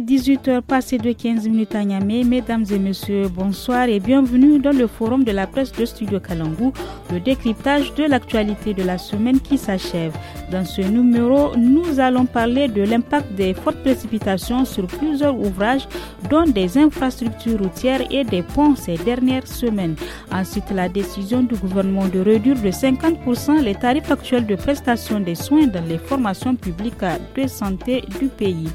18h passé de 15 minutes à Niamey. Mesdames et messieurs, bonsoir et bienvenue dans le forum de la presse de Studio Kalangou, le décryptage de l'actualité de la semaine qui s'achève. Dans ce numéro, nous allons parler de l'impact des fortes précipitations sur plusieurs ouvrages, dont des infrastructures routières et des ponts ces dernières semaines. Ensuite, la décision du gouvernement de réduire de 50% les tarifs actuels de prestation des soins dans les formations publiques de santé du pays.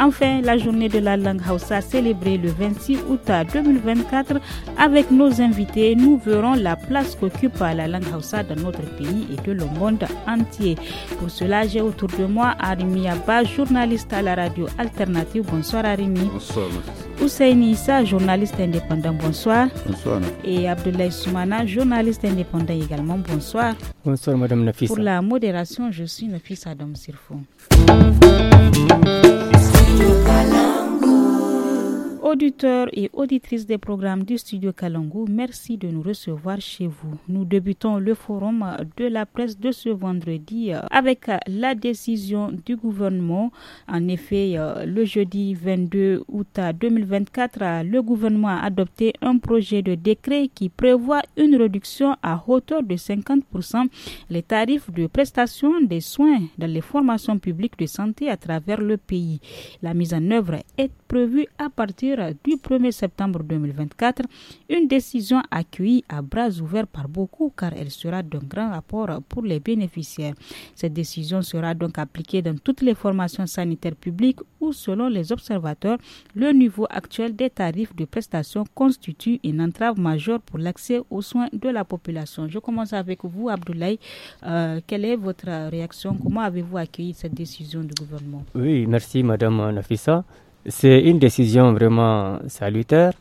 Enfin, la journée de la langue Hausa célébrée le 26 août 2024. Avec nos invités, nous verrons la place qu'occupe la langue Hausa dans notre pays et dans le monde entier. Pour cela, j'ai autour de moi Arimi Abba, journaliste à la radio alternative. Bonsoir Arimi. Bonsoir. Hussein Issa, journaliste indépendant, bonsoir. Bonsoir. Et Abdoulaye Soumana, journaliste indépendant également, bonsoir. Bonsoir, Madame Nafissa. Pour la modération, je suis Nafissa Adam Sirfou. Look alive. auditeurs et auditrice des programmes du studio Kalongo, merci de nous recevoir chez vous. Nous débutons le forum de la presse de ce vendredi avec la décision du gouvernement. En effet, le jeudi 22 août 2024, le gouvernement a adopté un projet de décret qui prévoit une réduction à hauteur de 50% les tarifs de prestation des soins dans les formations publiques de santé à travers le pays. La mise en œuvre est prévue à partir du 1er septembre 2024, une décision accueillie à bras ouverts par beaucoup car elle sera d'un grand rapport pour les bénéficiaires. Cette décision sera donc appliquée dans toutes les formations sanitaires publiques où, selon les observateurs, le niveau actuel des tarifs de prestations constitue une entrave majeure pour l'accès aux soins de la population. Je commence avec vous, Abdoulaye. Euh, quelle est votre réaction Comment avez-vous accueilli cette décision du gouvernement Oui, merci, Madame Nafissa. C'est une décision vraiment salutaire.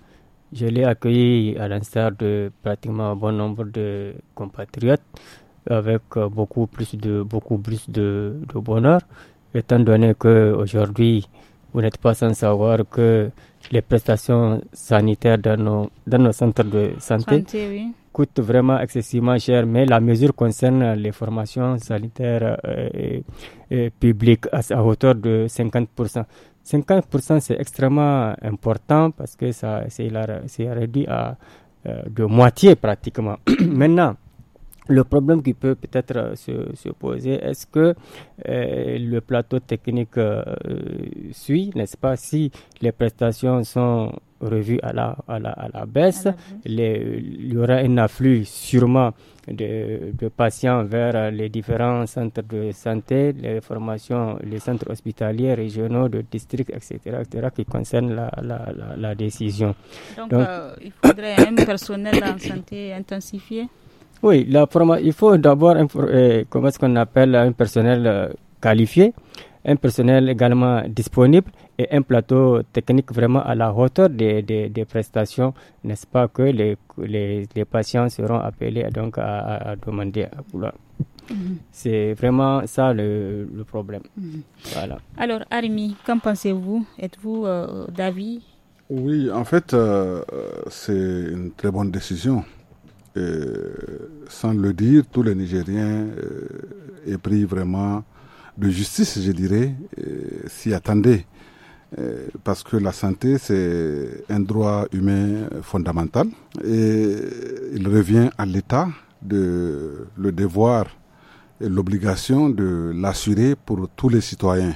Je l'ai accueilli à l'instar de pratiquement un bon nombre de compatriotes avec beaucoup plus de, beaucoup plus de, bonheur, étant donné qu'aujourd'hui, vous n'êtes pas sans savoir que les prestations sanitaires dans nos, dans nos centres de santé, coûtent vraiment excessivement cher, mais la mesure concerne les formations sanitaires euh, publiques à, hauteur de 50%. 50% c'est extrêmement important parce que ça, c'est réduit à euh, de moitié pratiquement. Maintenant, le problème qui peut peut-être euh, se, poser, est-ce que euh, le plateau technique euh, suit, n'est-ce pas, si les prestations sont revues à la, à la, baisse, il y aura un afflux sûrement de, patients vers les différents centres de santé, les formations, les centres hospitaliers régionaux, de districts, etc., qui concernent la, décision. Donc, il faudrait un personnel en santé intensifié oui, la il faut d'abord, euh, ce qu'on appelle un personnel euh, qualifié, un personnel également disponible et un plateau technique vraiment à la hauteur des, prestations, n'est-ce pas, que les, patients seront appelés donc à, demander à vouloir. Mhm. C'est vraiment ça le, problème. Mhm. Voilà. Alors, Arimi, qu'en pensez-vous Êtes-vous euh, d'avis Oui, en fait, c'est une très bonne décision euh, sans le dire, tous les Nigériens est euh, pris vraiment de justice, je dirais, euh, s'y attendaient. Parce que la santé, c'est un droit humain fondamental et il revient à l'État de le devoir et l'obligation de l'assurer pour tous les citoyens.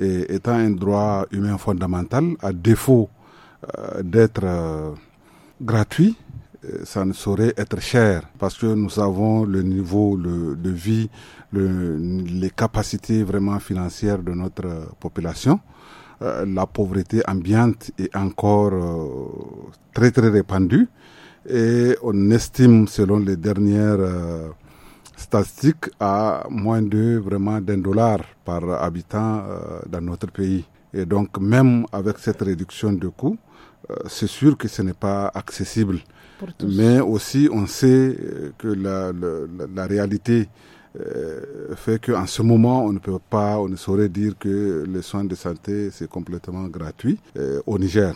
Et étant un droit humain fondamental, à défaut d'être gratuit, euh, ça ne saurait être cher parce que nous avons le niveau de vie, les capacités vraiment financières de notre euh, population. Euh, la pauvreté ambiante est encore très très répandue et on estime selon les dernières statistiques à moins de vraiment d'un dollar par habitant dans notre pays. Et donc même avec cette réduction de coûts, c'est sûr que ce n'est pas accessible. Mais aussi, on sait euh, que la, réalité euh, fait qu'en ce moment, on ne peut pas, on ne saurait dire que les soins de santé, c'est complètement gratuit euh, au Niger.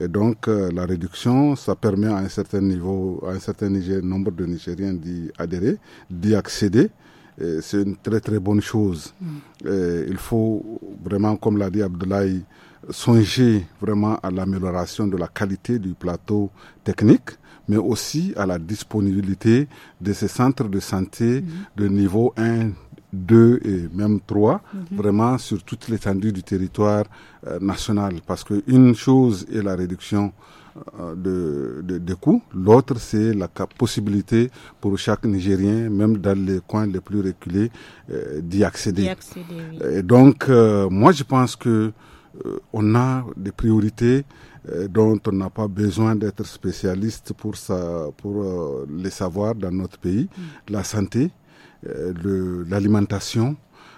Et donc, la réduction, ça permet à un certain niveau, à un certain nombre de Nigériens d'y adhérer, d'y accéder. C'est une très très bonne chose. Mm. il faut vraiment, comme l'a dit Abdoulaye, songer vraiment à l'amélioration de la qualité du plateau technique, mais aussi à la disponibilité de ces centres de santé mhm. de niveau 1, 2 et même 3, mhm. vraiment sur toute l'étendue du territoire euh, national. Parce qu'une chose est la réduction euh, de, de, coûts. L'autre, c'est la possibilité pour chaque Nigérien, même dans les coins les plus reculés, euh, d'y accéder. Et donc, moi, je pense que euh, on a des priorités euh, dont on n'a pas besoin d'être spécialiste pour, euh, les savoir dans notre pays. Mm. La santé, l'alimentation,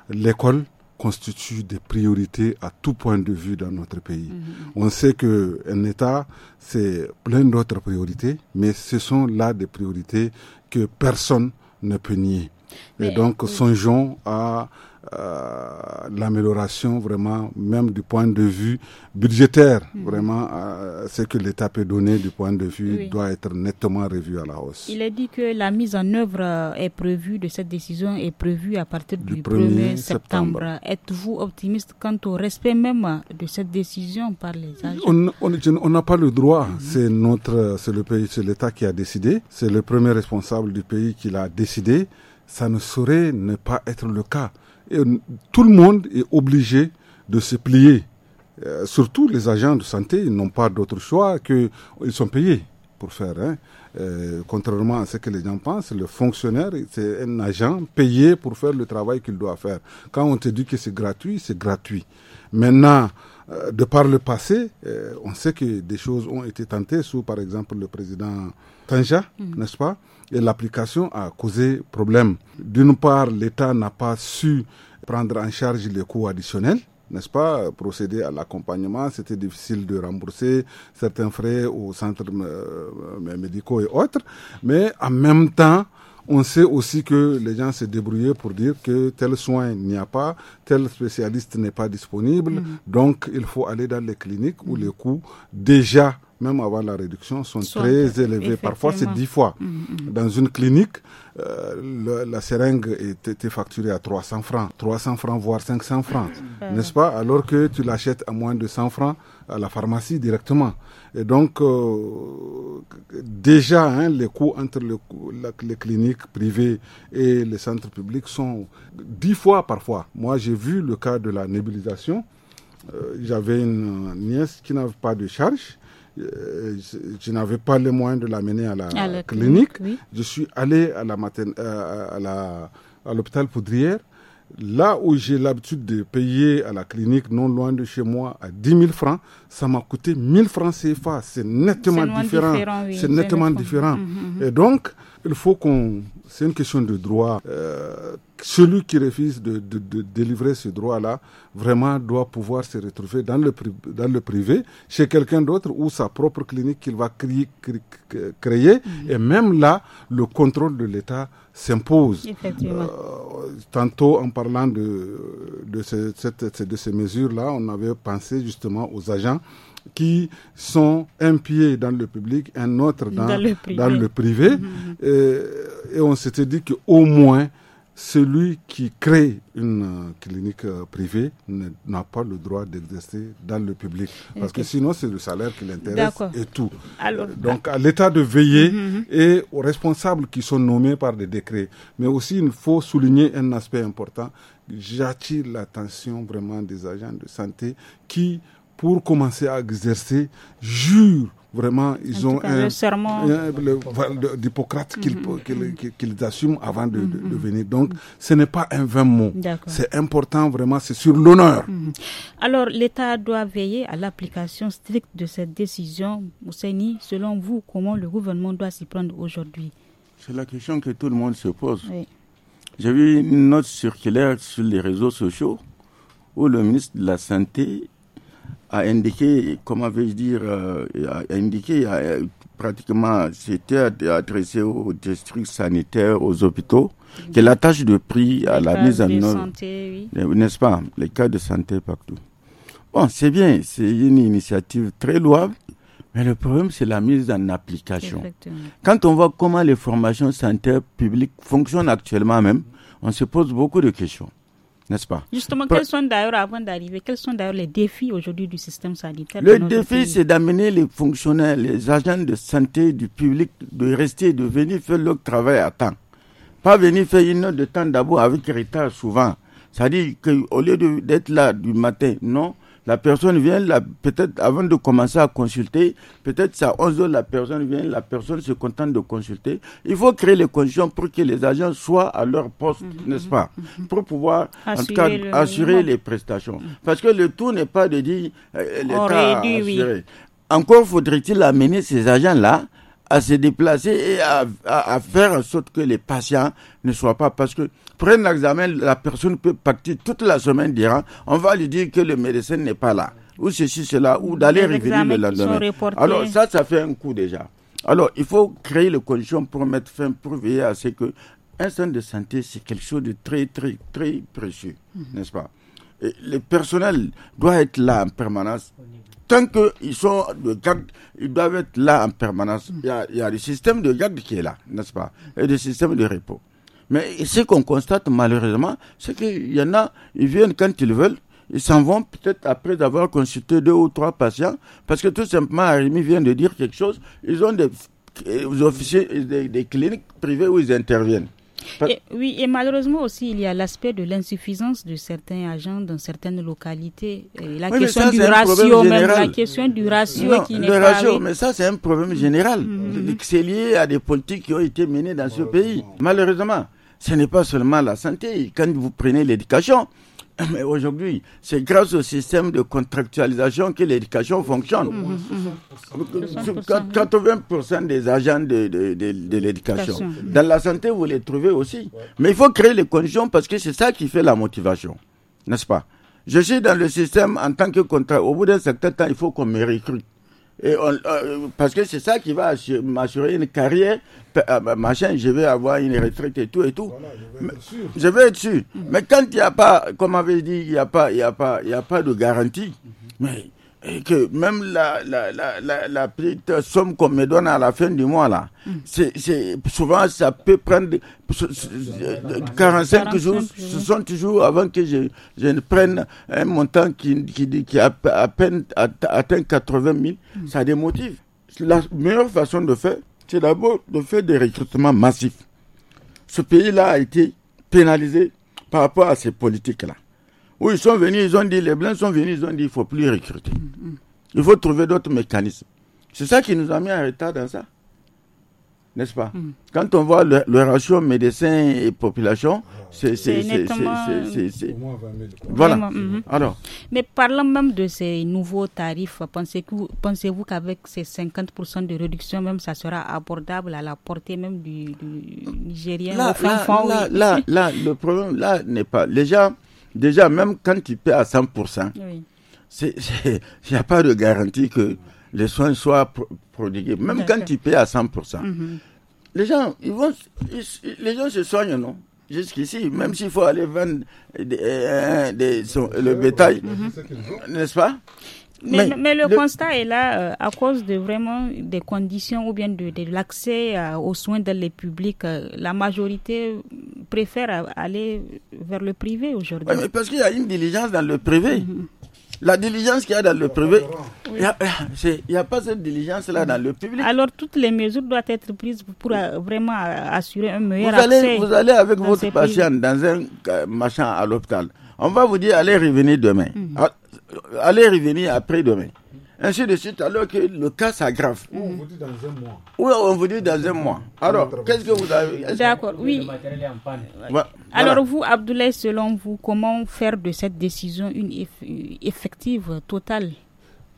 l'école constituent des priorités à tout point de vue dans notre pays. Mm-hmm. On sait que un État, c'est plein d'autres priorités, mais ce sont là des priorités que personne ne peut nier. Et donc, songeons à euh, l'amélioration vraiment, même du point de vue budgétaire, mhm. vraiment, euh, ce que l'État peut donner du point de vue doit être nettement revu à la hausse. Il est dit que la mise en œuvre euh, est prévue de cette décision est prévue à partir du, 1er, septembre. Êtes-vous optimiste quant au respect même de cette décision par les agents On n'a pas le droit. Mhm. C'est notre, c'est le pays, c'est l'État qui a décidé. C'est le premier responsable du pays qui l'a décidé. Ça ne saurait ne pas être le cas tout le monde est obligé de se plier. Euh, surtout les agents de santé, ils n'ont pas d'autre choix que ils sont payés pour faire. Hein. Euh, contrairement à ce que les gens pensent, le fonctionnaire, c'est un agent payé pour faire le travail qu'il doit faire. Quand on te dit que c'est gratuit, c'est gratuit. Maintenant, euh, de par le passé, on sait que des choses ont été tentées sous, par exemple, le président Tanja, mhm. n'est-ce pas et l'application a causé problème. D'une part, l'État n'a pas su prendre en charge les coûts additionnels n'est-ce pas, procéder à l'accompagnement. C'était difficile de rembourser certains frais aux centres euh, euh, médicaux et autres. Mais en même temps, on sait aussi que les gens se débrouillaient pour dire que tel soin n'y a pas, tel spécialiste n'est pas disponible, mm-hmm. donc il faut aller dans les cliniques où mm-hmm. les coûts déjà même avant la réduction, sont très élevés. Parfois, c'est dix fois. Mm-hmm. Dans une clinique, euh, la seringue était facturée à 300 francs, 300 francs, voire 500 francs, n'est-ce pas Alors que tu l'achètes à moins de 100 francs, à la pharmacie directement. Et donc, euh, déjà, hein, les coûts entre les cliniques privées et les centres publics sont dix fois parfois. Moi, j'ai vu le cas de la nébulisation. Euh, j'avais une nièce qui n'avait pas de charge. Euh, je, n'avais pas les moyens de l'amener à la, clinique. Je suis allé à la, à l'hôpital Poudrière Là où j'ai l'habitude de payer à la clinique non loin de chez moi à 10 000 francs, ça m'a coûté 1000 francs CFA. C'est nettement différent. c'est nettement différent. Mm-hmm, mm-hmm. Et donc, il faut qu'on... C'est une question de droit. Euh, celui qui refuse de, de, de délivrer ce droit-là, vraiment doit pouvoir se retrouver dans le, dans le privé, chez quelqu'un d'autre ou sa propre clinique qu'il va créer. créer mhm. Et même là, le contrôle de l'État s'impose. Euh, tantôt, en parlant de, de, de ces mesures-là, on avait pensé justement aux agents qui sont un pied dans le public, un autre dans, dans le privé. Mhm. Euh, et, on s'était dit qu'au moins, celui qui crée une euh, clinique euh, privée n'a pas le droit d'exister dans le public. Parce que sinon, c'est le salaire qui l'intéresse et tout. Donc, à l'État de veiller mhm, mhm. et aux responsables qui sont nommés par des décrets. Mais aussi, il faut souligner un aspect important. J'attire l'attention vraiment des agents de santé qui pour commencer à exercer jurent vraiment, ils ont un, serment d'Hippocrate mm-hmm. qu'ils assument avant de, mm-hmm. venir. Donc, ce n'est pas un vain mot. C'est important, vraiment, c'est sur l'honneur. Mm-hmm. Alors, l'État doit veiller à l'application stricte de cette décision. Mousseni, selon vous, comment le gouvernement doit s'y prendre aujourd'hui C'est la question que tout le monde se pose. J'ai vu une note circulaire sur les réseaux sociaux où le ministre de la Santé a indiqué, comment vais-je dire, euh, a indiqué, euh, pratiquement, c'était adressé aux districts sanitaires, aux hôpitaux, que la tâche de prix à la mise en œuvre, oui. n'est-ce pas, les cas de santé partout. Bon, c'est bien, c'est une initiative très louable, mais le problème, c'est la mise en application. Quand on voit comment les formations sanitaires publiques fonctionnent actuellement même, on se pose beaucoup de questions n'est-ce pas Justement, quels sont d'ailleurs, avant d'arriver, quels sont d'ailleurs les défis aujourd'hui du système sanitaire Le défi, c'est d'amener les fonctionnaires, les agents de santé du public de rester, de venir faire leur travail à temps. Pas venir faire une heure de temps d'abord avec retard souvent. C'est-à-dire qu'au lieu d'être là du matin, non, la personne vient, peut-être avant de commencer à consulter, peut-être à 11 heures, la personne vient, la personne se contente de consulter. Il faut créer les conditions pour que les agents soient à leur poste, mhm. n'est-ce pas mhm. Pour pouvoir, assurer les prestations. Parce que le tout n'est pas de dire euh, euh l'État Encore faudrait-il amener ces agents-là à se déplacer et à, faire en sorte que les patients ne soient pas. Parce que prennent l'examen, la personne peut partir toute la semaine durant. On va lui dire que le médecin n'est pas là, ou ceci, cela, ou d'aller revenir le lendemain. Alors ça, ça fait un coup déjà. Alors, il faut créer les conditions pour mettre fin, pour veiller à ce que un centre de santé, c'est quelque chose de très, très, très précieux, mhm. n'est-ce pas et Le personnel doit être là en permanence tant qu'ils sont de garde, ils doivent être là en permanence. Mm. Il y a, il y le système de garde qui est là, n'est-ce pas Et le système de repos. Mais ce qu'on constate malheureusement, c'est qu'il y en a, ils viennent quand ils veulent, ils s'en vont peut-être après avoir consulté deux ou trois patients, parce que tout simplement, Arimi vient de dire quelque chose, ils ont des, euh, officiers, des cliniques privées où ils interviennent oui, et malheureusement aussi, il y a l'aspect de l'insuffisance de certains agents dans certaines localités. Euh, la, question du ratio, même la question du ratio, qui n'est pas... Ratio, mais ça, c'est un problème général. Mhm. C'est lié à des politiques qui ont été menées dans ce pays. Malheureusement, ce n'est pas seulement la santé. Quand vous prenez l'éducation, Mais aujourd'hui, c'est grâce au système de contractualisation que l'éducation fonctionne. 80% des agents de, l'éducation. Dans la santé, vous les trouvez aussi. Mais il faut créer les conditions parce que c'est ça qui fait la motivation. N'est-ce pas Je suis dans le système en tant que contrat. Au bout d'un certain temps, il faut qu'on me recrute. Euh, parce que c'est ça qui va m'assurer une carrière, euh, bah, machin, je vais avoir une retraite et tout et tout. je, vais être sûr. Mhm. Mais quand il n'y a pas, comme avait dit, il n'y a pas, a a pas de garantie. Mhm. Mais que même la, la, la, la, la petite somme qu'on me donne à la fin du mois, là, hmm. c'est souvent ça peut prendre 45, jours, 60 jours. avant que je, je ne prenne un montant qui, qui, qui a à peine atteint 80 000. Hmm. Ça démotive. La meilleure façon de faire, c'est d'abord de faire des recrutements massifs. Ce pays-là a été pénalisé par rapport à ces politiques-là où ils sont venus, ils ont dit, les blancs sont venus, ils ont dit, il faut plus recruter. Mm, mm. Il faut trouver d'autres mécanismes. C'est ça qui nous a mis en retard dans ça. N'est-ce pas mm. Quand on voit le, ratio médecin et population, c'est... Voilà. Mm-hmm. Mm-hmm. Alors. Mais parlons même de ces nouveaux tarifs, pensez-vous qu'avec ces 50% de réduction, même ça sera abordable à la portée même du, Nigérien là, le problème là n'est pas... Les gens déjà, même quand tu paies à 100%, il n'y a pas de garantie que les soins soient produits. Même quand tu paies à 100%, mhm. les, gens, ils vont, les gens se soignent, non Jusqu'ici, même s'il faut aller vendre euh, le bétail, mhm. n'est-ce pas mais, le, constat est là euh, à cause de vraiment des conditions ou bien de, l'accès euh, aux soins dans les publics. Euh, la majorité préfère aller vers le privé aujourd'hui. parce qu'il y a une diligence dans le privé. La diligence qu'il y a dans le privé, il n'y a, pas cette diligence-là dans le public. Alors toutes les mesures doivent être prises pour vraiment assurer un meilleur vous accès. vous allez avec votre patient dans un machin à l'hôpital. On va vous dire allez revenir demain. Mhm. Ah, allez revenir après-demain. Ainsi de suite, alors que le cas s'aggrave. on vous dit dans un mois. Oui, on vous dit dans un mois. Alors, qu'est-ce que vous avez D'accord, oui. Alors, vous, Abdoulaye, selon vous, comment faire de cette décision une effective, totale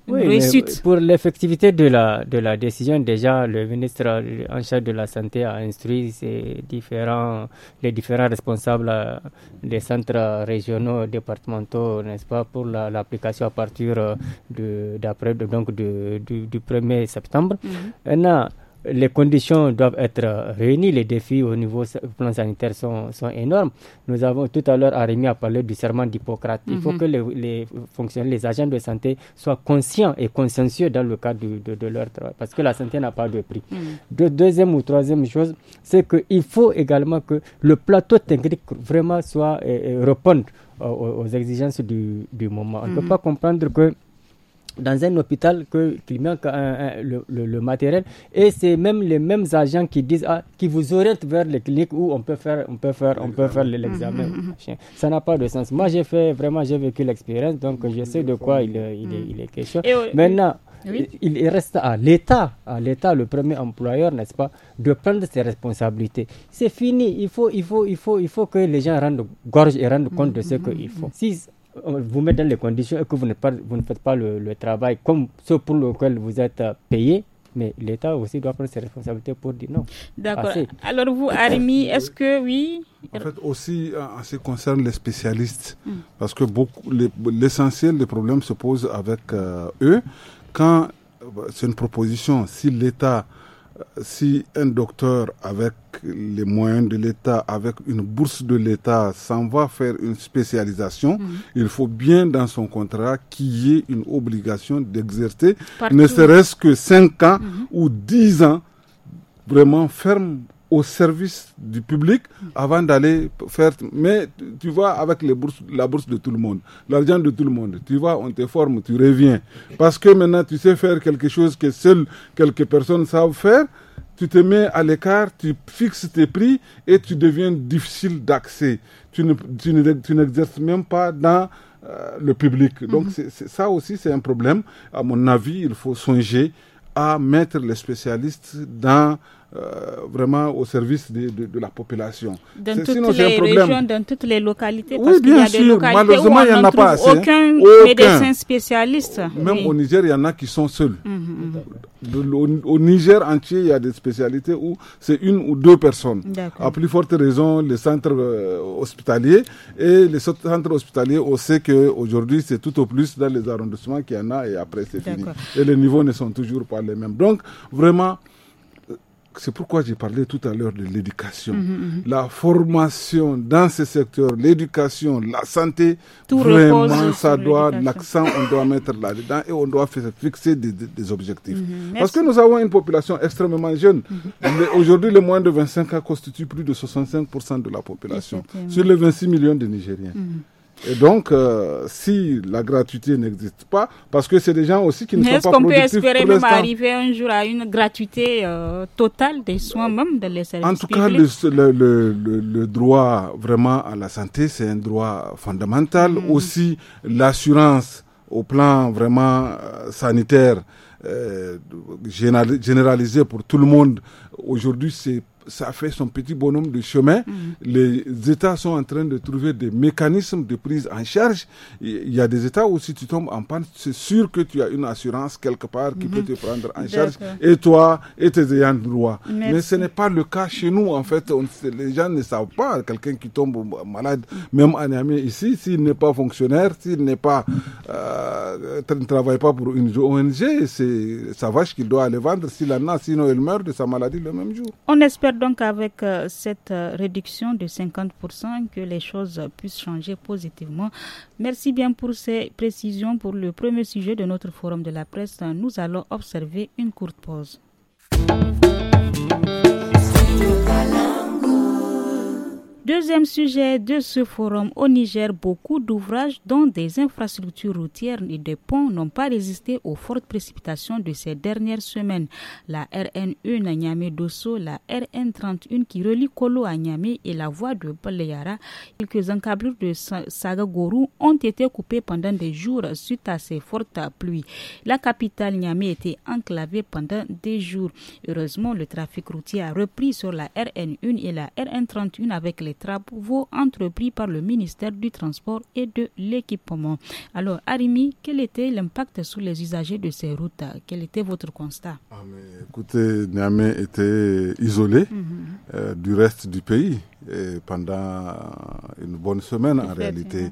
pour l'effectivité de la, de la décision, déjà, le ministre en charge de la Santé a instruit les différents responsables euh, des centres régionaux, départementaux, n'est-ce pas, pour l'application à partir euh, d'après, donc, du, 1er septembre. Mhm les conditions doivent être réunies. Les défis au niveau plan sanitaire sont, sont énormes. Nous avons tout à l'heure, Arémi à parler du serment d'Hippocrate. Il faut mhm. que les, les agents de santé soient conscients et consciencieux dans le cadre de, de, leur travail, parce que la santé n'a pas de prix. Mhm. de, deuxième ou troisième chose, c'est qu'il faut également que le plateau technique vraiment soit réponde euh, aux, exigences du, du moment. On ne peut mhm. pas comprendre que dans un hôpital que, qui manque le, matériel. Et c'est même les mêmes agents qui disent, ah, qui vous orientent vers les cliniques où on peut faire, on peut faire, on peut faire l'examen. Mm-hmm. Ça n'a pas de sens. Moi, j'ai fait, vraiment, j'ai vécu l'expérience, donc je sais de quoi il, il, est, mm-hmm. question. Maintenant, il reste à l'État, à l'État, le premier employeur, n'est-ce pas, de prendre ses responsabilités. C'est fini. Il faut, il faut, il faut, il faut que les gens rendent gorge et rendent compte de ce mm-hmm. qu'ils font vous mettez dans les conditions et que vous ne, vous ne faites pas le, travail comme ce pour lequel vous êtes euh, payé, mais l'État aussi doit prendre ses responsabilités pour dire non. D'accord. Alors vous, Armi, est-ce que oui En fait, aussi euh, en ce qui concerne les spécialistes, hmm. parce que l'essentiel des problèmes se pose avec euh, eux. Quand c'est une proposition, si l'État si un docteur avec les moyens de l'État, avec une bourse de l'État, s'en va faire une spécialisation, mhm. il faut bien dans son contrat qu'il y ait une obligation d'exercer ne serait-ce que 5 ans mhm. ou 10 ans vraiment ferme au service du public avant d'aller faire. Mais tu vois, avec les bourses, la bourse de tout le monde, l'argent de tout le monde, tu vois, on te forme, tu reviens. Parce que maintenant, tu sais faire quelque chose que seules quelques personnes savent faire. Tu te mets à l'écart, tu fixes tes prix et tu deviens difficile d'accès. Tu n'exerces ne, tu même pas dans euh, le public. Mhm. Donc, ça aussi, c'est un problème. À mon avis, il faut songer à mettre les spécialistes dans euh, vraiment au service de, la population. Dans toutes les régions, dans toutes les localités, oui, bien sûr. Malheureusement, il n'y en, a pas assez. Aucun, médecin spécialiste. Même au Niger, il y en a qui sont seuls. Mhm, mhm. au, Niger entier, il y a des spécialités où c'est une ou deux personnes. À plus forte raison, les centres euh, hospitaliers. Et les centres hospitaliers, on sait qu'aujourd'hui, c'est tout au plus dans les arrondissements qu'il y en a et après, c'est fini. Et les niveaux ne sont toujours pas les mêmes. Donc, vraiment, c'est pourquoi j'ai parlé tout à l'heure de l'éducation. Mhm, mhm. La formation dans ce secteur, l'éducation, la santé, vraiment, ça doit, l'accent, on doit mettre là-dedans et on doit fixer des, objectifs. Mhm, Parce que nous avons une population extrêmement jeune. Aujourd'hui, les moins de 25 ans constituent plus de 65% de la population, sur les 26 millions de Nigériens. Et donc, euh, si la gratuité n'existe pas, parce que c'est des gens aussi qui ne sont pas productifs. Est-ce qu'on peut espérer même arriver un jour à une gratuité euh, totale des soins, même de les services En tout cas, le, le, le, droit vraiment à la santé, c'est un droit fondamental. Hmm. Aussi, l'assurance au plan vraiment euh, sanitaire euh, généralisé pour tout le monde. Aujourd'hui, c'est ça fait son petit bonhomme de chemin. Mm. Les États sont en train de trouver des mécanismes de prise en charge. Il y a des États où si tu tombes en panne, c'est sûr que tu as une assurance quelque part qui peut mm-hmm. te prendre en charge, et toi, et tes ayants droit. Mais ce n'est pas le cas chez nous, en fait. les gens ne savent pas. Quelqu'un qui tombe malade, même en Amérique ici, s'il n'est pas fonctionnaire, s'il n'est pas, euh, ne travaille pas pour une ONG, c'est sa vache qu'il doit aller vendre. S'il en a, sinon il meurt de sa maladie le même jour. On espère donc avec euh, cette euh, réduction de 50% que les choses puissent changer positivement. Merci bien pour ces précisions pour le premier sujet de notre forum de la presse. Nous allons observer une courte pause. Deuxième sujet de ce forum au Niger, beaucoup d'ouvrages dont des infrastructures routières et des ponts n'ont pas résisté aux fortes précipitations de ces dernières semaines. La RN1 à Niamey-Dosso, e la RN31 qui relie Kolo à Niamey et la voie de Baleyara, quelques encablures de Sagagourou ont été coupées pendant des jours suite à ces fortes pluies. La capitale Niamey était enclavée pendant des jours. Heureusement, le trafic routier a repris sur la RN1 et la RN31 avec les travaux entrepris par le ministère du Transport et de l'Équipement. Alors, Arimi, quel était l'impact sur les usagers de ces routes Quel était votre constat ah, Écoutez, Niamey était isolé mhm. euh, du reste du pays pendant une bonne semaine en réalité,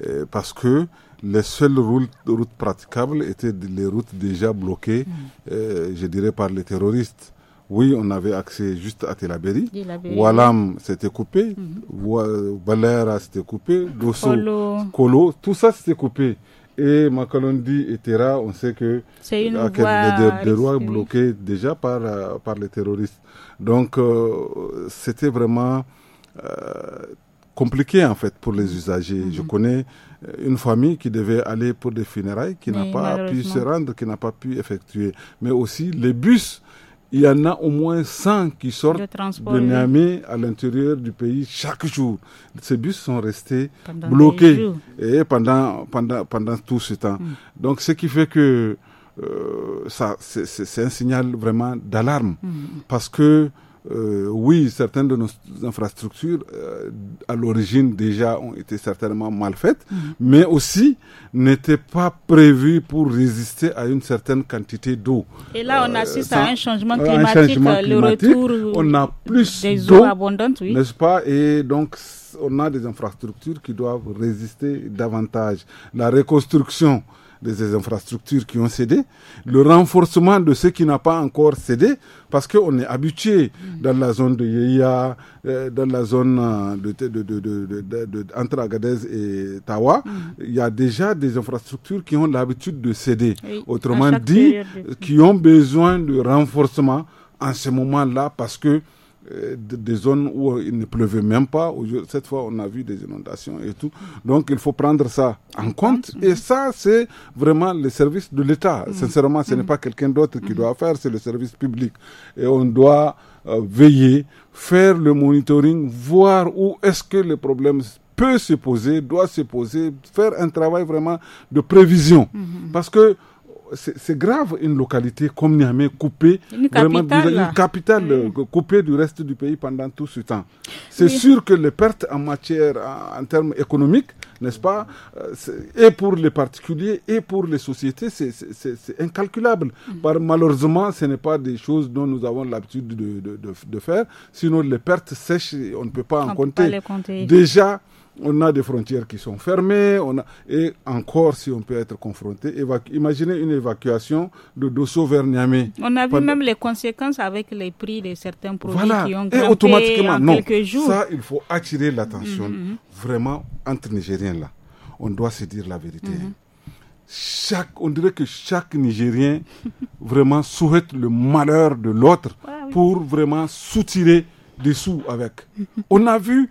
mhm. parce que les seules routes, praticables étaient les routes déjà bloquées, mhm. euh, je dirais, par les terroristes. Oui, on avait accès juste à Telaberi. Walam, s'était coupé. Balera, mhm. s'était coupé. Dosso, Kolo, tout ça, s'était coupé. Et Makalondi et Terra, on sait que c'est une voie des, rois bloqués déjà par, euh, par les terroristes. Donc, euh, c'était vraiment euh, compliqué en fait pour les mhm. usagers. Je mhm. connais une famille qui devait aller pour des funérailles, qui n'a pas pu se rendre, qui n'a pas pu effectuer. Mais aussi les bus il y en a au moins 100 qui sortent de Niamey à l'intérieur du pays chaque jour. Ces bus sont restés bloqués et pendant, pendant, pendant tout ce temps. Mm. Donc, ce qui fait que euh, ça, c'est un signal vraiment d'alarme mm. parce que euh, oui, certaines de nos infrastructures euh, à l'origine déjà ont été certainement mal faites, mhm. mais aussi n'étaient pas prévues pour résister à une certaine quantité d'eau. Et là, on assiste euh, à un changement climatique, on a plus des eaux abondantes, oui. n'est-ce pas Et donc, on a des infrastructures qui doivent résister davantage. La reconstruction des infrastructures qui ont cédé, le renforcement de ceux qui n'a pas encore cédé, parce qu'on est habitué dans la zone de Yeya, euh, dans la zone euh, de, de, de, de entre Agadez et Tawa, mm. il y a déjà des infrastructures qui ont l'habitude de céder. Autrement dit, qui ont besoin de renforcement en ce moment-là, parce que euh, des zones où il ne pleuvait même pas. Cette fois, on a vu des inondations et tout. Donc, il faut prendre ça en compte. Mhm. Et ça, c'est vraiment le service de l'État. Mhm. Sincèrement, ce n'est mhm. pas quelqu'un d'autre qui doit faire, c'est le service public. Et on doit euh, veiller, faire le monitoring, voir où est-ce que le problème peut se poser, doit se poser, faire un travail vraiment de prévision. Parce que c'est grave une localité comme Niamey coupée, vraiment capitale euh, coupée du reste du pays pendant tout ce temps. C'est sûr que les pertes en matière, en, termes économiques, n'est-ce pas, euh, et pour les particuliers et pour les sociétés, c'est incalculable. Mm. malheureusement, ce n'est pas des choses dont nous avons l'habitude de, de, faire, sinon les pertes sèches, on ne peut pas en compter. compter. Déjà, on a des frontières qui sont fermées, on a, et encore si on peut être confronté, imaginez une évacuation de Dosso vers Niamey. On a vu même les conséquences avec les prix de certains produits qui ont grimpé automatiquement, en quelques jours. Ça, il faut attirer l'attention mm-hmm, mm-hmm. vraiment entre Nigériens là. On doit se dire la vérité. Mm-hmm. on dirait que chaque Nigérien vraiment souhaite le malheur de l'autre pour vraiment soutirer des sous avec. on a vu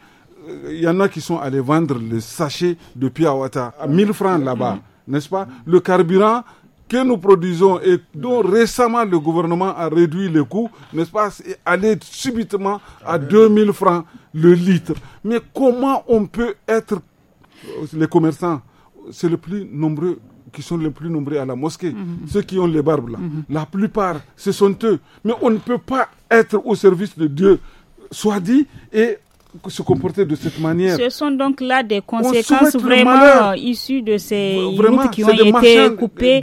il euh, y en a qui sont allés vendre le sachet de Piawata à 1000 francs là-bas, mm. n'est-ce pas Le carburant que nous produisons et dont récemment le gouvernement a réduit le coût, n'est-ce pas, est allé subitement à 2000 francs le litre. Mais comment on peut être euh, les commerçants C'est le plus nombreux qui sont les plus nombreux à la mosquée, mm-hmm. ceux qui ont les barbes là. Mm-hmm. La plupart, ce sont eux. Mais on ne peut pas être au service de Dieu, soit dit, et se comporter de cette manière. Ce sont donc là des conséquences vraiment issues de ces routes qui ont été coupées.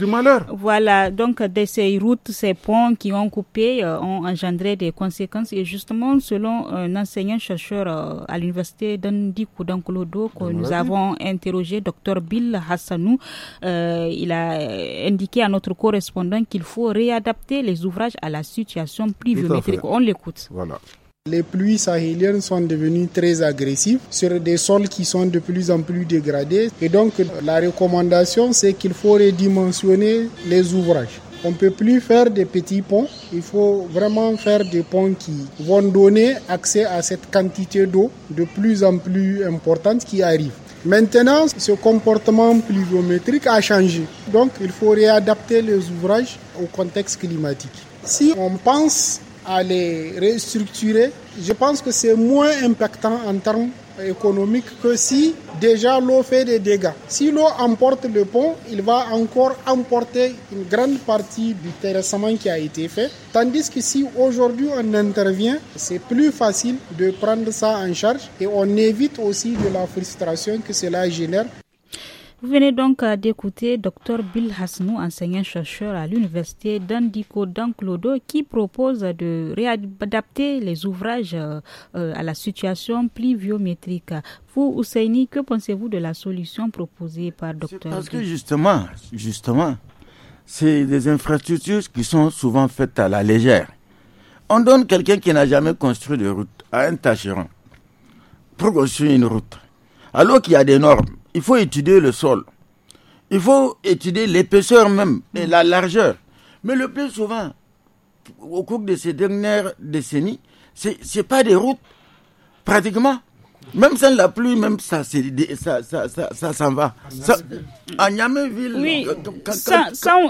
Voilà, donc de ces routes, ces ponts qui ont coupé euh, ont engendré des conséquences. Et justement, selon un enseignant-chercheur euh, à l'université ou Koudankolodo que nous avons interrogé, docteur Bill Hassanou, euh, il a indiqué à notre correspondant qu'il faut réadapter les ouvrages à la situation pluviométrique. On l'écoute. Voilà. Les pluies sahéliennes sont devenues très agressives sur des sols qui sont de plus en plus dégradés. Et donc, la recommandation, c'est qu'il faut redimensionner les ouvrages. On ne peut plus faire des petits ponts. Il faut vraiment faire des ponts qui vont donner accès à cette quantité d'eau de plus en plus importante qui arrive. Maintenant, ce comportement pluviométrique a changé. Donc, il faut réadapter les ouvrages au contexte climatique. Si on pense à les restructurer, je pense que c'est moins impactant en termes économiques que si déjà l'eau fait des dégâts. Si l'eau emporte le pont, il va encore emporter une grande partie du terrassement qui a été fait. Tandis que si aujourd'hui on intervient, c'est plus facile de prendre ça en charge et on évite aussi de la frustration que cela génère. Vous venez donc euh, d'écouter Dr Bill Hasnou, enseignant-chercheur à l'université d'Andico d'Anclodo, qui propose de réadapter les ouvrages euh, euh, à la situation vio-métrique. Vous, Ousseini, que pensez-vous de la solution proposée par Dr Parce que justement, justement, c'est des infrastructures qui sont souvent faites à la légère. On donne quelqu'un qui n'a jamais construit de route à un tâcheron pour construire une route, alors qu'il y a des normes il faut étudier le sol. Il faut étudier l'épaisseur même et la largeur. Mais le plus souvent, au cours de ces dernières décennies, ce n'est pas des routes. Pratiquement, même sans la pluie, même ça, ça, ça, ça, ça s'en va. à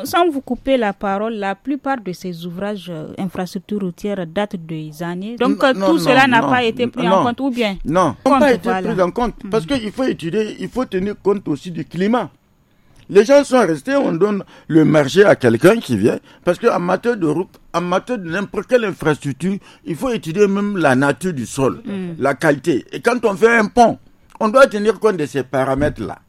sans, vous couper la parole, la plupart de ces ouvrages euh, infrastructures routières datent des années. Donc tout cela n'a pas été pris en compte, ou bien Non, n'a pas été pris en compte. Parce mm. qu'il faut étudier, il faut tenir compte aussi du climat. Les gens sont restés, on donne le marché à quelqu'un qui vient, parce qu'en amateur de route, amateur de n'importe quelle infrastructure, il faut étudier même la nature du sol, mm. la qualité. Et quand on fait un pont, on doit tenir compte de ces paramètres-là.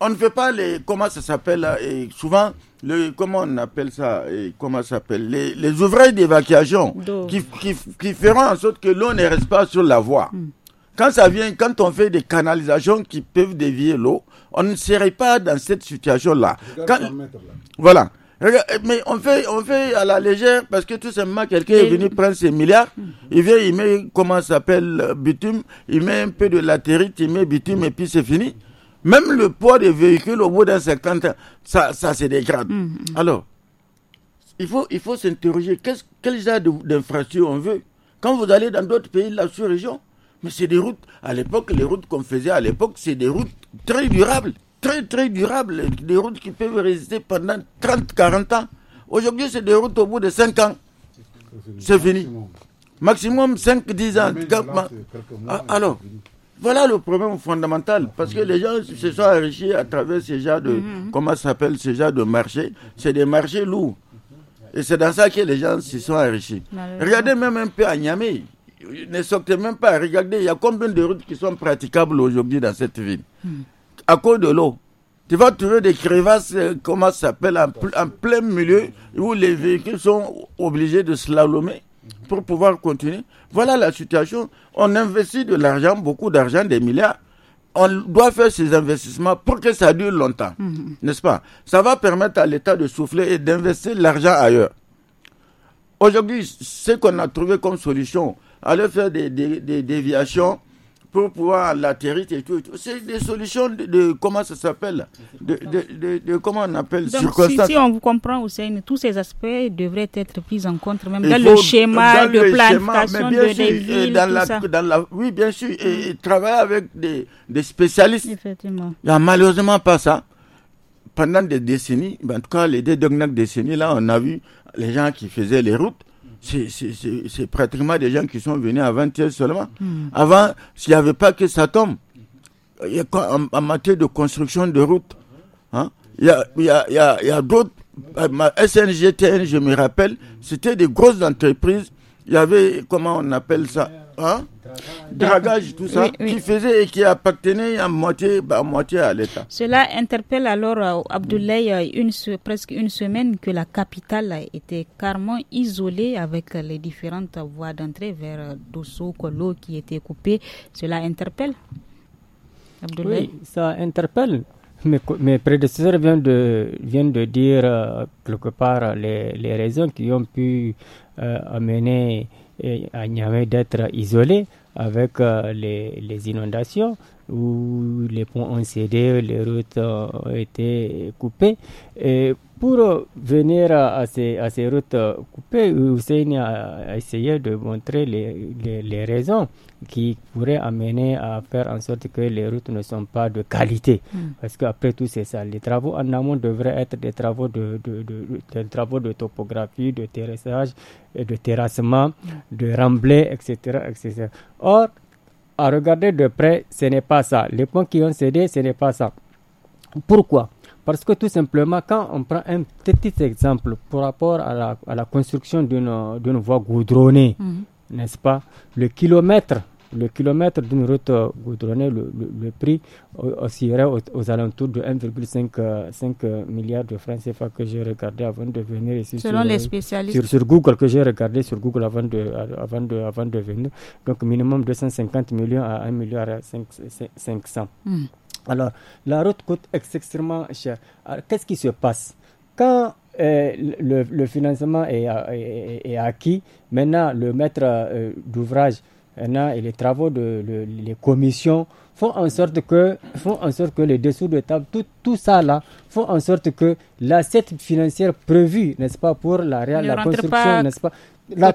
On ne fait pas les, comment ça s'appelle, souvent, le, comment on appelle ça, et comment ça s'appelle, les, ouvrages d'évacuation qui, qui, qui, feront en sorte que l'eau ne reste pas sur la voie. Mm. Quand ça vient, quand on fait des canalisations qui peuvent dévier l'eau, on ne serait pas dans cette situation-là. Voilà. Eh, mais on fait, on fait à la légère parce que tout simplement quelqu'un est venu prendre ses milliards, il vient, il met, comment s'appelle, euh, bitume, il met un peu de latérite, il met bitume et puis c'est fini. Même le poids des véhicules au bout d'un certain ça, ça se dégrade. Mm, mm, mm. Alors, il faut, il faut s'interroger, quel genre d'infrastructure on veut Quand vous allez dans d'autres pays de la sous-région, mais c'est des routes, à l'époque, les routes qu'on faisait à l'époque, c'est des routes très durable, très très durable, des routes qui peuvent résister pendant 30-40 ans. Aujourd'hui, c'est des routes au bout de 5 ans. C'est fini. Maximum 5-10 ans. Ah, alors, voilà le problème fondamental, parce que les gens se sont enrichis à travers ces genre de, mhm. comment s'appelle ces de marché C'est des marchés lourds. Et c'est dans ça que les gens se sont enrichis. Regardez même un peu à Niamey ne sortez même pas. Regardez, il y a combien de routes qui sont praticables aujourd'hui dans cette ville À cause de l'eau. Tu vas trouver des crevasses, euh, comment ça s'appelle, en, plein milieu, où les véhicules sont obligés de slalomer pour pouvoir continuer. Voilà la situation. On investit de l'argent, beaucoup d'argent, des milliards. On doit faire ces investissements pour que ça dure longtemps, mhm. n'est-ce pas Ça va permettre à l'État de souffler et d'investir l'argent ailleurs. Aujourd'hui, ce qu'on a trouvé comme solution, aller faire des, déviations pour pouvoir l'atterrir C'est des solutions de, comment ça s'appelle de, comment on appelle Donc, si, on vous comprend, tous ces aspects devraient être pris en compte, même dans le schéma de le de, euh, Oui, bien sûr, et, mm. travailler avec des, spécialistes. Il n'y a malheureusement pas ça. Pendant des décennies, en tout cas les deux dernières décennies, là, on a vu les gens qui faisaient les routes c'est pratiquement des gens qui sont venus avant-hier seulement. Hmm. Avant, il n'y avait pas que ça tombe, en, matière de construction de routes, hein, il y a, d'autres. Euh, SNGTN, je me rappelle, c'était des grosses entreprises. Il y avait, comment on appelle ça hein? dragage, tout ça, qui faisait et qui appartenait à moitié, bah, à moitié à l'État. Cela interpelle alors euh, Abdoulaye euh, une, presque une semaine que la capitale était carrément isolée avec les différentes voies d'entrée vers euh, Dosso, Kolo qui était coupée Cela interpelle Oui, ça interpelle. Mes, prédécesseurs viennent de, viennent de dire quelque part les, les, raisons qui ont pu amener à avait d'être isolé avec euh, les, inondations où les ponts ont cédé, les routes euh, ont été coupées. Et pour venir à, ces, routes coupées, Hussein a essayé de montrer les, raisons qui pourraient amener à faire en sorte que les routes ne sont pas de qualité. Hmm. Parce qu'après tout, c'est ça. Les travaux en amont devraient être des travaux de, travaux de topographie, de terrassage, de terrassement, hmm. de remblai, etc., etc. Or, à regarder de près, ce n'est pas ça. Les points qui ont cédé, ce n'est pas ça. Pourquoi parce que tout simplement, quand on prend un petit exemple par rapport à la, construction d'une voie goudronnée, mhm. n'est-ce pas Le kilomètre le kilomètre d'une route euh, goudronnée, le, prix oscillerait aux, alentours de 1,5 euh, euh, milliard de francs CFA que j'ai regardé avant de venir ici. Selon sur, les spécialistes. Sur, Google, que j'ai regardé sur Google avant de, venir. Donc, minimum 250 millions à 1,5 milliard 500. Alors, la route coûte extrêmement cher. Euh, qu'est-ce qui se passe Quand euh, le, financement est, acquis, maintenant, le maître euh, d'ouvrage et les travaux de les commissions font en sorte que font en sorte que les dessous de table tout, ça là font en sorte que l'assiette financière prévue n'est-ce pas pour la, la construction n'est-ce pas la,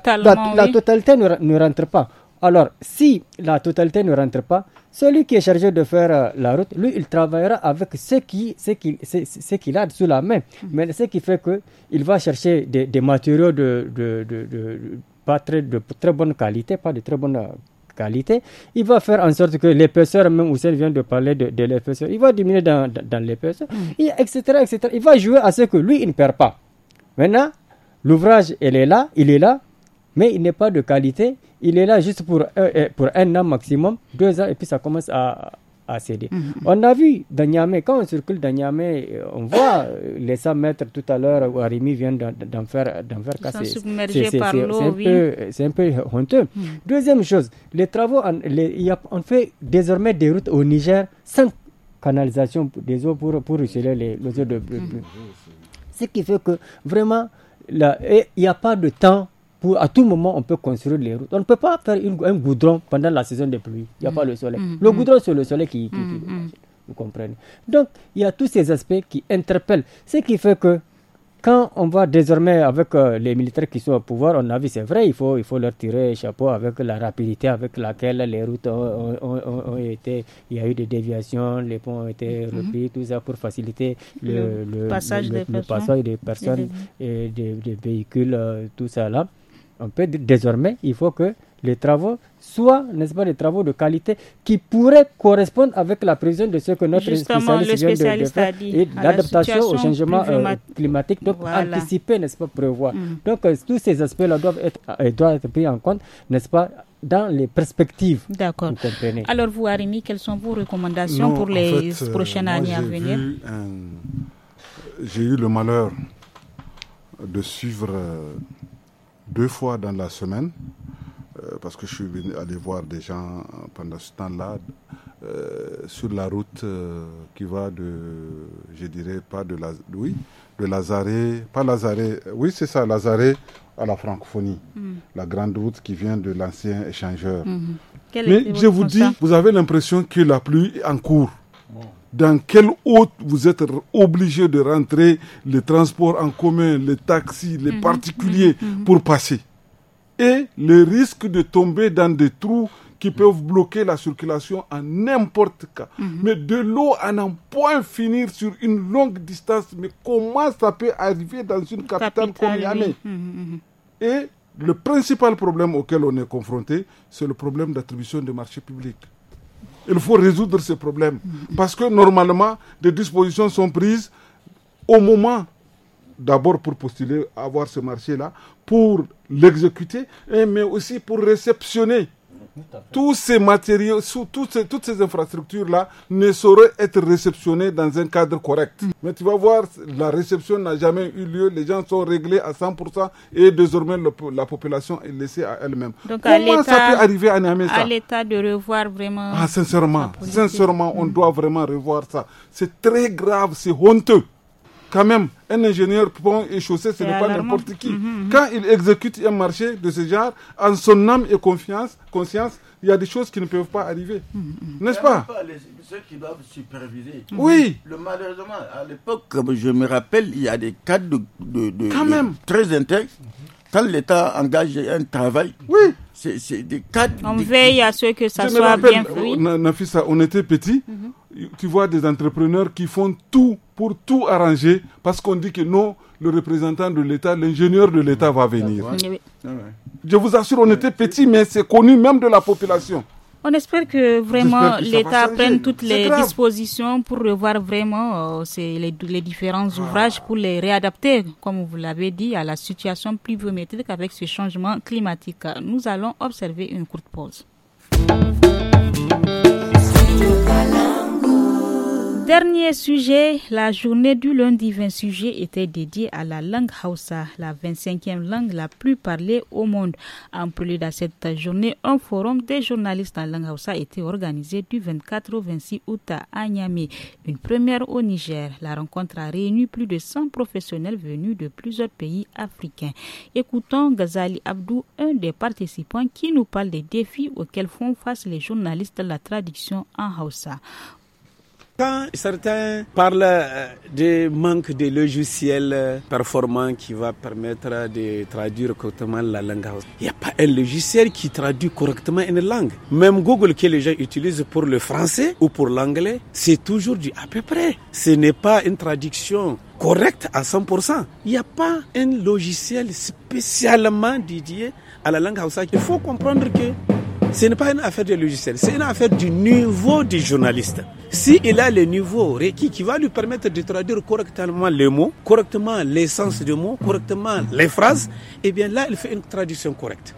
totalité ne rentre pas alors, si la totalité ne rentre pas, celui qui est chargé de faire euh, la route, lui, il travaillera avec ce qu'il ce qui, ce, ce a sous la main. Hmm. Mais ce qui fait qu'il va chercher des, matériaux de, de, de, pas très, de très bonne qualité, pas de très bonne euh, qualité. Il va faire en sorte que l'épaisseur, même où Oussel vient de parler de, l'épaisseur, il va diminuer dans, dans, l'épaisseur, hmm. et etc., etc. Il va jouer à ce que lui, il ne perd pas. Maintenant, l'ouvrage, il est là, il est là, mais il n'est pas de qualité. Il est là juste pour un, euh, pour un an maximum, deux ans, et puis ça commence à, à céder. Mm-hmm. On a vu dans Niamey, quand on circule dans Niamey, euh, on voit euh, les 100 mètres tout à l'heure où Arimi vient d'en faire, faire casser. C'est un, un, peu honteux. Mm. Deuxième chose, les travaux, on fait désormais des routes au Niger sans canalisation des eaux pour, pour les, les, eaux de mm. Ce qui fait que vraiment, il n'y a pas de temps pour, à tout moment, on peut construire les routes. On ne peut pas faire un goudron pendant la saison des pluies. Il n'y a pas mm. le soleil. Mm, le mm. goudron, c'est le soleil qui, Vous comprenez Donc, il y a tous ces aspects qui interpellent. Ce qui fait que quand on voit désormais avec euh, les militaires qui sont au pouvoir, on a vu, c'est vrai, il faut, il faut leur tirer chapeau avec la rapidité avec laquelle les routes ont, ont, ont, été. Il y a eu des déviations, les ponts ont été mm-hmm. repris, tout ça pour faciliter le, passage, des personnes et des, véhicules, euh, tout ça là on peut désormais, il faut que les travaux soient, n'est-ce pas, des travaux de qualité qui pourraient correspondre avec la prévision de ce que notre spécialiste, de, et l'adaptation au changement euh, climatique, donc anticiper, n'est-ce pas, prévoir. Mm. Donc, euh, tous ces aspects-là doivent être, euh, doivent être pris en compte, n'est-ce pas, dans les perspectives. D'accord. Alors, vous, Arimi, quelles sont vos recommandations pour les prochaines années à venir J'ai eu le malheur de suivre deux fois dans la semaine, euh, parce que je suis allé voir des gens pendant ce temps-là, euh, sur la route euh, qui va de, je dirais, pas de la, oui, de Lazare, pas Lazare, oui c'est ça, Lazare à la francophonie, mm. la grande route qui vient de l'ancien échangeur. Mm-hmm. Mais je vous dis, vous avez l'impression que la pluie est en cours dans quelle hôte vous êtes obligé de rentrer les transports en commun, les taxis, les mhm, particuliers mhm, mhm. pour passer. Et le risque de tomber dans des trous qui peuvent bloquer la circulation en n'importe cas. Mais de l'eau à n'en point finir sur une longue distance, mais comment ça peut arriver dans une capitale, comme Yamé Et le principal problème auquel on est confronté, c'est le problème d'attribution de marchés publics. Il faut résoudre ce problème. Parce que normalement, des dispositions sont prises au moment, d'abord pour postuler, avoir ce marché-là, pour l'exécuter, hein, mais aussi pour réceptionner tous ces matériaux, toutes ces, infrastructures-là ne sauraient être réceptionnées dans un cadre correct. Mm. Mais tu vas voir, la réception n'a jamais eu lieu, les gens sont réglés à 100% et désormais la population est laissée à elle-même. Comment ça peut arriver à Niamey À l'état de revoir vraiment. Ah, sincèrement, sincèrement, on mm. doit vraiment revoir ça. C'est très grave, c'est honteux quand même, un ingénieur pont et chaussée, ce n'est pas n'importe qui. Mm-hmm, mm-hmm. Quand il exécute un marché de ce genre, en son âme et confiance, conscience, il y a des choses qui ne peuvent pas arriver. Mm-hmm, N'est-ce pas, Ceux qui doivent superviser. Oui. Le, malheureusement, à l'époque, comme je me rappelle, il y a des cadres de, quand même. très intègres. Quand l'État engage un travail, oui. c'est des cadres. On veille à ce que ça soit bien fait. Euh, on, on, était petits tu vois des entrepreneurs qui font tout pour tout arranger parce qu'on dit que non, le représentant de l'État, l'ingénieur de l'État va venir. Ah Je vous assure, on était petits, mais c'est connu même de la population. On espère que vraiment l'État prenne toutes les dispositions pour revoir vraiment euh, les, différents ah. ouvrages pour les réadapter, comme vous l'avez dit, à la situation pluviométrique avec ce changement climatique. Nous allons observer une courte pause. Dernier sujet, la journée du lundi 20 sujet était dédiée à la langue Hausa, la 25e langue la plus parlée au monde. En plus de cette journée, un forum des journalistes en langue Hausa a été organisé du 24 au 26 août à Niamey, une première au Niger. La rencontre a réuni plus de 100 professionnels venus de plusieurs pays africains. Écoutons Ghazali Abdou, un des participants qui nous parle des défis auxquels font face les journalistes de la traduction en Hausa. Quand certains parlent euh, du manque de logiciels euh, performants qui va permettre de traduire correctement la langue, il n'y a pas un logiciel qui traduit correctement une langue. Même Google que les gens utilisent pour le français ou pour l'anglais, c'est toujours du à peu près. Ce n'est pas une traduction correcte à 100%. Il n'y a pas un logiciel spécialement dédié à la langue Hausa. Il faut comprendre que ce n'est pas une affaire de logiciel, c'est une affaire du niveau du journaliste. S'il a le niveau requis qui va lui permettre de traduire correctement les mots, correctement l'essence des mots, correctement les phrases, eh bien là, il fait une traduction correcte.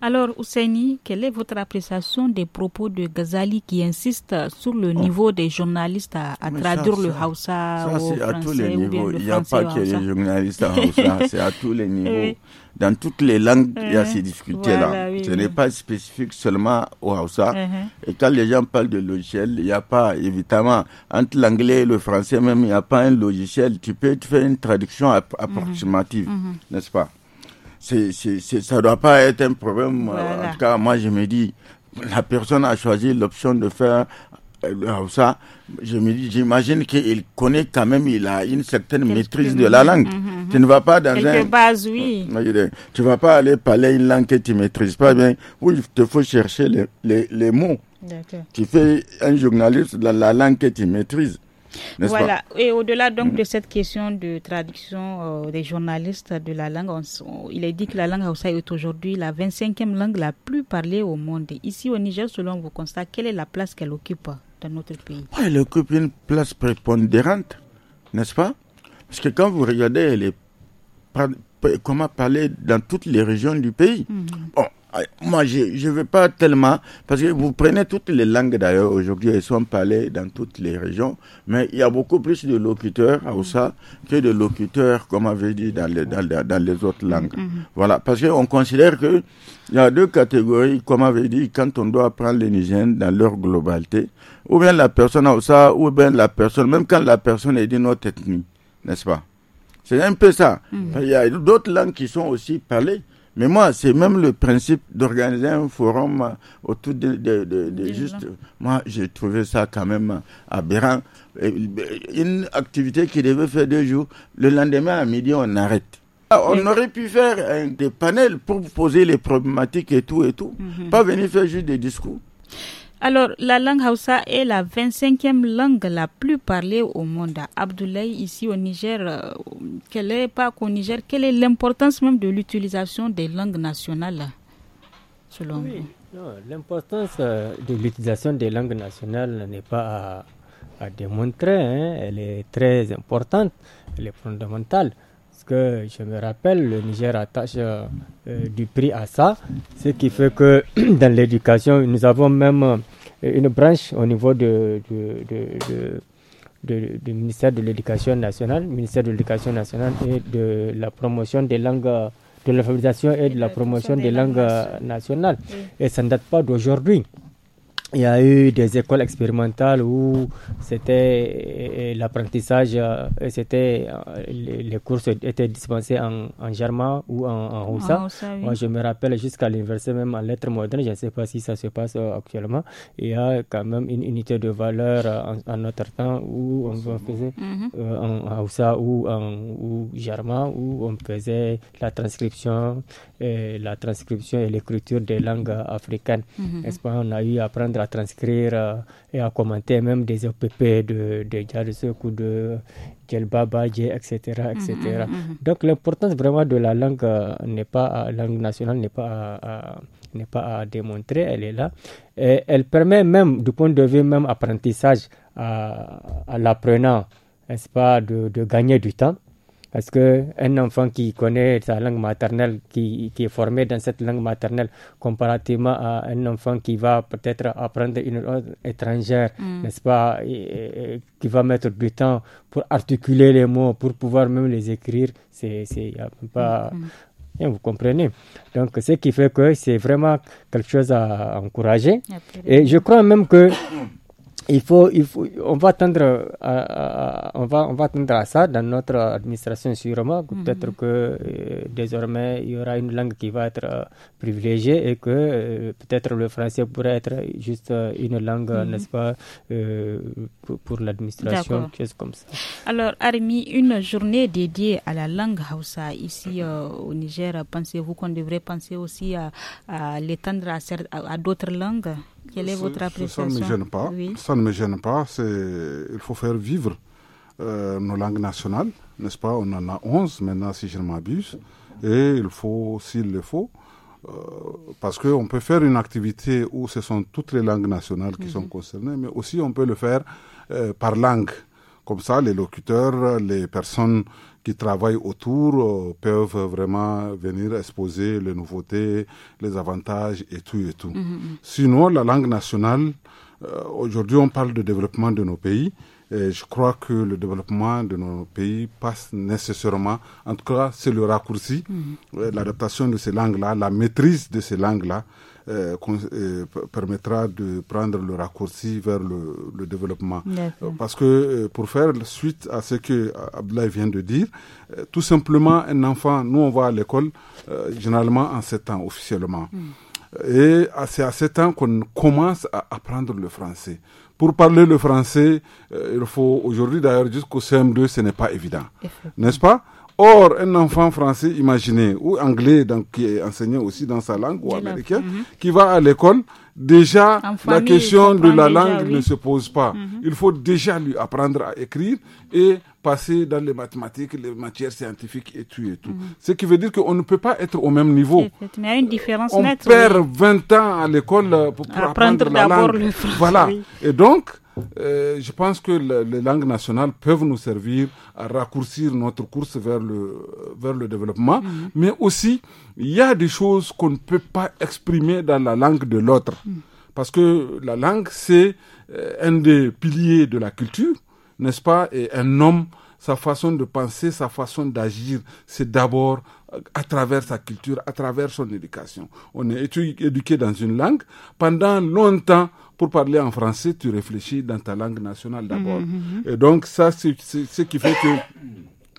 Alors, Ousseini, quelle est votre appréciation des propos de Ghazali qui insiste sur le niveau des journalistes à, traduire le Hausa au français à tous les niveaux. Il n'y a pas que les journalistes à Hausa, c'est à tous les niveaux. Dans toutes les langues, il y a hein? ces difficultés là. Ce n'est pas spécifique seulement au Hausa. Uh-huh. Et quand les gens parlent de logiciel, il n'y a pas, évidemment, entre l'anglais et le français même, il n'y a pas un logiciel. Tu peux faire une traduction mm-hmm. approximative, mm-hmm. n'est-ce pas c'est, ça ne doit pas être un problème. Euh, en tout cas, moi, je me dis, la personne a choisi l'option de faire euh, ça, je me dis, j'imagine qu'il connaît quand même, il a une certaine maîtrise de la langue. Mhm, mhm. Tu ne vas pas dans Quelque un. Base, oui. Tu vas pas aller parler une langue que tu maîtrises pas bien. Oui, il te faut chercher les, les, les mots. Tu fais un journaliste dans la langue que tu maîtrises. Voilà, et au-delà donc de mm. cette question de traduction euh, des journalistes de la langue, il est dit que la langue Haussaï est aujourd'hui la 25e langue la plus parlée au monde. ici au Niger, selon vos constats, quelle est la place qu'elle occupe dans notre pays Elle occupe une place prépondérante, n'est-ce pas Parce que quand vous regardez les, comment parler dans toutes les régions du pays, mm moi, je ne veux pas tellement, parce que vous prenez toutes les langues d'ailleurs, aujourd'hui, elles sont parlées dans toutes les régions, mais il y a beaucoup plus de locuteurs à Oussa que de locuteurs, comme on avait dit, dans les, dans, dans les autres langues. Mm-hmm. Voilà, parce qu'on considère que il y a deux catégories, comme on avait dit, quand on doit apprendre les dans leur globalité, ou bien la personne à Oussa, ou bien la personne, même quand la personne est d'une autre ethnie, n'est-ce pas c'est un peu ça. Mm-hmm. Il y a d'autres langues qui sont aussi parlées. Mais moi, c'est même le principe d'organiser un forum euh, autour de, juste. Moi, j'ai trouvé ça quand même aberrant. Euh, une activité qui devait faire deux jours, le lendemain à midi, on arrête. Ah, on aurait pu faire des panels pour poser les problématiques et tout et tout. Mhm. Pas venir faire juste des discours. Alors, la langue Hausa est la 25e langue la plus parlée au monde. Abdoulaye, ici au Niger, euh, quelle est, pas Niger, quelle est l'importance même de l'utilisation des langues nationales, selon vous L'importance euh, de l'utilisation des langues nationales n'est pas à, démontrer. Hein. Elle est très importante, elle est fondamentale. Parce que je me rappelle, le Niger attache euh, euh, du prix à ça, ce qui fait que dans l'éducation, nous avons même euh, une branche au niveau de, du ministère de l'Éducation nationale, ministère de l'Éducation nationale et de la promotion des langues de l'alphabétisation et de la promotion des langues nationales. Et ça ne date pas d'aujourd'hui il y a eu des écoles expérimentales où c'était euh, euh, l'apprentissage, euh, c'était les courses étaient dispensés en, en germain ou en, en Moi, je me rappelle jusqu'à l'université, même en lettres modernes, je ne sais pas si ça se passe actuellement. Il y a quand même une unité de valeur en, notre temps où on faisait mhm. en roussa ou en ou germain où on faisait la transcription, et la transcription et l'écriture des langues africaines. ce pas? On a eu à apprendre à transcrire euh, et à commenter même des OPP, de, de ou de Djelbaba, etc. etc. Donc l'importance vraiment de la langue euh, n'est pas, euh, langue nationale n'est pas à, n'est pas à démontrer, elle est là. Et elle permet même, du point de vue même apprentissage à, l'apprenant, n'est-ce pas, de, gagner du temps. Parce qu'un enfant qui connaît sa langue maternelle, qui, est formé dans cette langue maternelle, comparativement à un enfant qui va peut-être apprendre une langue étrangère, mm. n'est-ce pas, qui va mettre du temps pour articuler les mots, pour pouvoir même les écrire, c'est pas. Mm, mm. vous comprenez. Donc, ce qui fait que c'est vraiment quelque chose à encourager. Et je crois même que faut, il faut, on va attendre à, euh, euh, on va, on va attendre à ça dans notre administration sûrement. Mhm. Peut-être que euh, désormais il y aura une langue qui va être privilégiée et que peut-être le français pourrait être juste une langue, mhm. n'est-ce pas, pour, l'administration, quelque chose comme ça. Alors, Armi, une journée dédiée à la langue Hausa ici au Niger, pensez-vous qu'on devrait penser aussi à, l'étendre à d'autres langues? Quelle est votre appréciation Ça ne me gêne pas. Ça ne me gêne pas. Il faut faire vivre euh, nos langues nationales, n'est-ce pas On en a 11 maintenant, si je ne m'abuse. Et il faut, s'il le faut, euh, parce qu'on peut faire une activité où ce sont toutes les langues nationales qui sont mhm. concernées, mais aussi on peut le faire euh, par langue. Comme ça, les locuteurs, les personnes qui travaillent autour euh, peuvent vraiment venir exposer les nouveautés, les avantages et tout et tout. Mm-hmm. Sinon, la langue nationale, euh, aujourd'hui on parle de développement de nos pays, je crois que le développement de nos pays passe nécessairement, en tout cas, c'est le raccourci, mhm. l'adaptation de ces langues-là, la maîtrise de ces langues-là. Euh, euh, permettra de prendre le raccourci vers le, développement. Euh, parce que pour faire suite à ce que Abdoulaye vient de dire, tout simplement un enfant, nous on va à l'école généralement en sept ans officiellement. Mhm. Et c'est à 7 ans qu'on commence à apprendre le français. Pour parler le français, euh, il faut aujourd'hui d'ailleurs jusqu'au CM2, ce n'est pas évident. N'est-ce pas Or, un enfant français, imaginé ou anglais, donc, qui est enseigné aussi dans sa langue, ou américain, mhm. qui va à l'école, déjà, la question de la langue ne se pose pas. Mhm. Il faut déjà lui apprendre à écrire et passer dans les mathématiques, les matières scientifiques et tout et tout. Mhm. Ce qui veut dire qu'on ne peut pas être au même niveau. Il y a une différence On perd 20 ans à l'école euh, pour, apprendre, la langue. Le voilà. Et donc, euh, je pense que les langues nationales peuvent nous servir à raccourcir notre course vers le, vers le développement, mhm. mais aussi, il y a des choses qu'on ne peut pas exprimer dans la langue de l'autre. Mhm. Parce que la langue, c'est euh, un des piliers de la culture, n'est-ce pas Et un homme, sa façon de penser, sa façon d'agir, c'est d'abord à travers sa culture, à travers son éducation. On est éduqué dans une langue. Pendant longtemps, pour parler en français, tu réfléchis dans ta langue nationale d'abord. Mhm, mhm, mhm. Et donc, ça, c'est ce qui fait que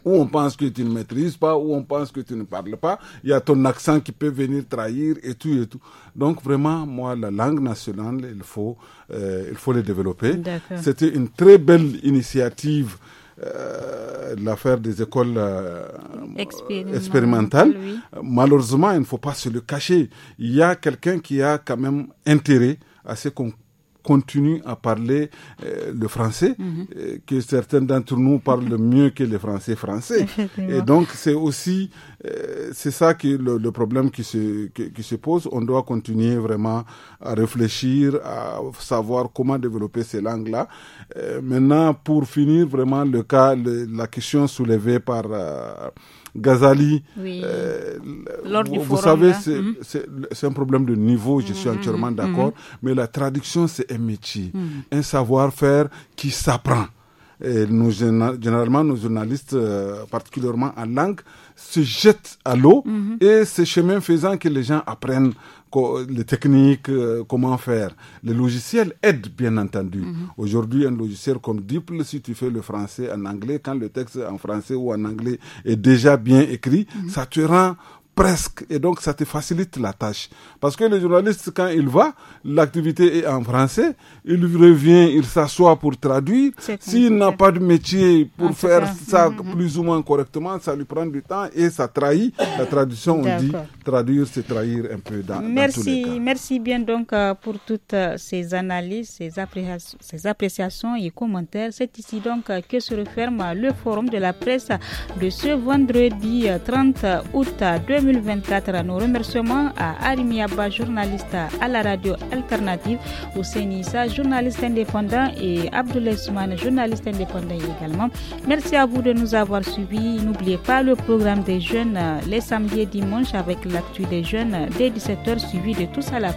où on pense que tu ne maîtrises pas, où on pense que tu ne parles pas. Il y a ton accent qui peut venir trahir et tout et tout. Donc vraiment, moi, la langue nationale, il faut, euh, il faut les développer. C'était une très belle initiative euh, l'affaire des écoles euh, expérimentales. Malheureusement, il ne faut pas se le cacher. Il y a quelqu'un qui a quand même intérêt à ce qu'on continuent à parler euh, le français, mhm. euh, que certains d'entre nous parlent mieux que les Français français. Et donc c'est aussi euh, c'est ça qui le, le problème qui se qui, se pose. On doit continuer vraiment à réfléchir, à savoir comment développer ces langues-là. maintenant, pour finir vraiment le cas, la question soulevée par Gazali, euh, vous, savez, mm-hmm. c'est un problème de niveau, je suis mm-hmm. entièrement mm-hmm. d'accord. Mais la traduction, c'est un métier, un savoir-faire qui s'apprend. Et nous, généralement, nos journalistes, euh, particulièrement en langue, se jettent à l'eau et c'est chemin faisant que les gens apprennent les techniques, euh, comment faire. Le logiciel aide, bien entendu. Mhm. Aujourd'hui, un logiciel comme Diple, si tu fais le français en anglais, quand le texte en français ou en anglais est déjà bien écrit, mhm. ça te rend presque. Et donc, ça te facilite la tâche. Parce que le journaliste, quand il va, l'activité est en français, il revient, il s'assoit pour traduire. S'il n'a pas de métier pour faire ça mm-hmm. plus ou moins correctement, ça lui prend du temps et ça trahit. La traduction, on dit, traduire, c'est trahir un peu dans, merci, cas. Merci bien donc euh, pour toutes euh, ces analyses, ces, ces appréciations et commentaires. C'est ici donc euh, que se referme le forum de la presse de ce vendredi 30 août 2020. 2024. Nos remerciements à Arimi Abba, journaliste à la radio alternative, au Issa, journaliste indépendant et Abdoulaye Soumane, journaliste indépendant également. Merci à vous de nous avoir suivis. N'oubliez pas le programme des jeunes euh, les samedis et dimanches avec l'actu des jeunes dès 17h suivi de tous à la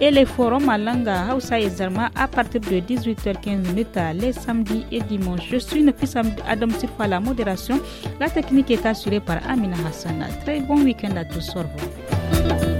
et les forums à Langa, Hausa et Zerma à partir de 18h15 euh, les samedis et dimanches. Je suis Nafis Adam Sirfa la modération. La technique est assurée par Amina Hassan. Très bon un week-end à tous. Au